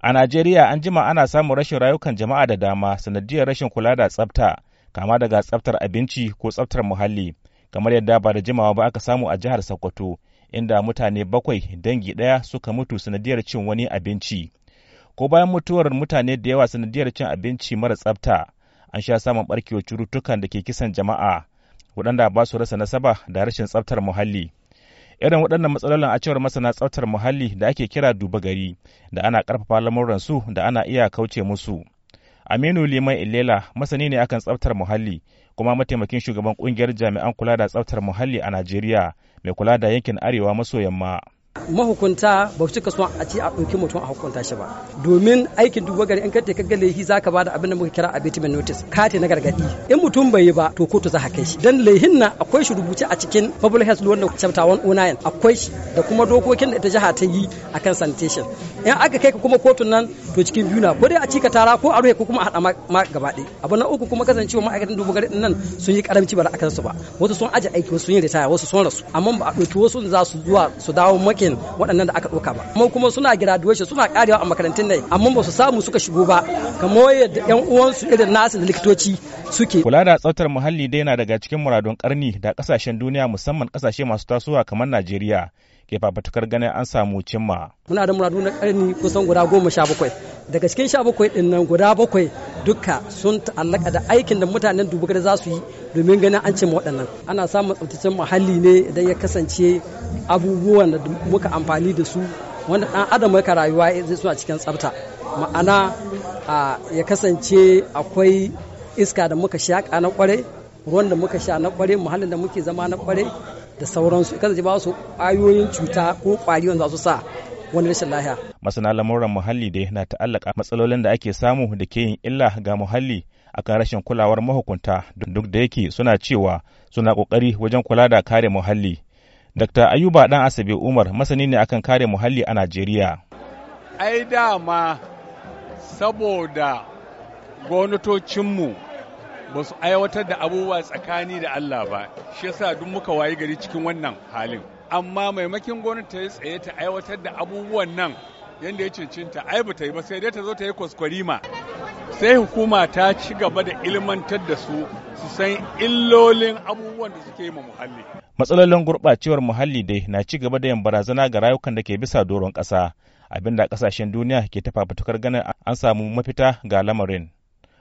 A Najeriya an jima ana samun rashin rayukan jama'a da dama sanadiyar rashin kula da tsafta, kama daga tsaftar abinci ko tsaftar muhalli, kamar yadda ba da jimawa ba aka samu a jihar Sokoto, inda mutane bakwai dangi ɗaya suka mutu sanadiyar cin wani abinci. Ko bayan mutuwar mutane da yawa sanadiyar cin abinci mara tsafta, an sha samun barkewa cututtukan da ke kisan jama'a, waɗanda ba su rasa nasaba da rashin tsaftar muhalli. irin waɗannan matsalolin a cewar masana tsaftar muhalli da ake kira duba gari da ana ƙarfafa lamuran su da ana iya kauce musu aminu liman ilela masani ne akan tsaftar muhalli kuma mataimakin shugaban ƙungiyar jami'an kula da tsaftar muhalli a najeriya mai kula da yankin arewa maso yamma mahukunta ba su cika son a ce a ɗauki mutum a hukunta shi ba domin aikin duk gari in kai ka ga laifi za ka bada abin da muka kira a abatement notice kati na gargaɗi in mutum bai yi ba to kotu za ka kai shi dan laihin na akwai shi rubuce a cikin public health law na chapter 109 akwai shi da kuma dokokin da ita jiha ta yi akan sanitation in aka kai ka kuma kotun nan to cikin biyu na ko dai a ci ka tara ko a ruhe ko kuma a hada ma gaba ɗaya abu na uku kuma kasancewa ma'aikatan duk gari nan sun yi karamci ba da akan su ba wasu sun aje aiki wasu sun yi ritaya wasu sun rasu amma ba a ɗauki wasu za su zuwa su dawo maki matakin waɗannan da aka ɗauka ba amma kuma suna graduation suna karewa a makarantun nan amma ba su samu suka shigo ba kamar yadda yan uwansu irin nasu da likitoci suke kula da tsaftar muhalli dai yana daga cikin muradun karni da kasashen duniya musamman kasashe masu tasowa kamar Najeriya ke fafatukar ganin an samu cimma. Muna da muradu na karni kusan guda goma sha bakwai. Daga cikin sha bakwai ɗin nan guda bakwai duka sun ta'allaka da aikin da mutanen Dubugar za su yi domin ganin an cimma waɗannan. Ana samun tsaftacen muhalli ne idan ya kasance abubuwan da muka amfani da su wanda ɗan adam ya rayuwa zai suna cikin tsafta. Ma'ana ya kasance akwai iska da muka shaƙa na ƙwarai ruwan da muka sha na ƙware muhallin da muke zama na kwarai da sauransu kasance ba su ayoyin cuta ko kwari wanda su sa wani rashin lahiya. Masana lamuran muhalli dai na ta'allaka matsalolin da ake samu da ke yin illa ga muhalli akan rashin kulawar mahukunta duk da yake suna cewa suna kokari wajen kula da kare muhalli. Dr. Ayuba Dan Asabe Umar masani ne akan kare muhalli a Najeriya. Ai dama saboda gwamnatocinmu ba su aiwatar da abubuwa tsakani da Allah ba shi yasa duk muka wayi gari cikin wannan halin amma maimakin gwamnati ta yi tsaye ta aiwatar da abubuwan nan yadda ya cincinta ai ba ta yi ba sai dai ta zo ta yi kwaskwarima sai hukuma ta ci gaba da ilmantar da su su san illolin abubuwan da suke yi ma muhalli matsalolin gurɓacewar muhalli dai na ci gaba da yin barazana ga rayukan da ke bisa doron ƙasa abinda ƙasashen duniya ke ta fafutukar ganin an samu mafita ga lamarin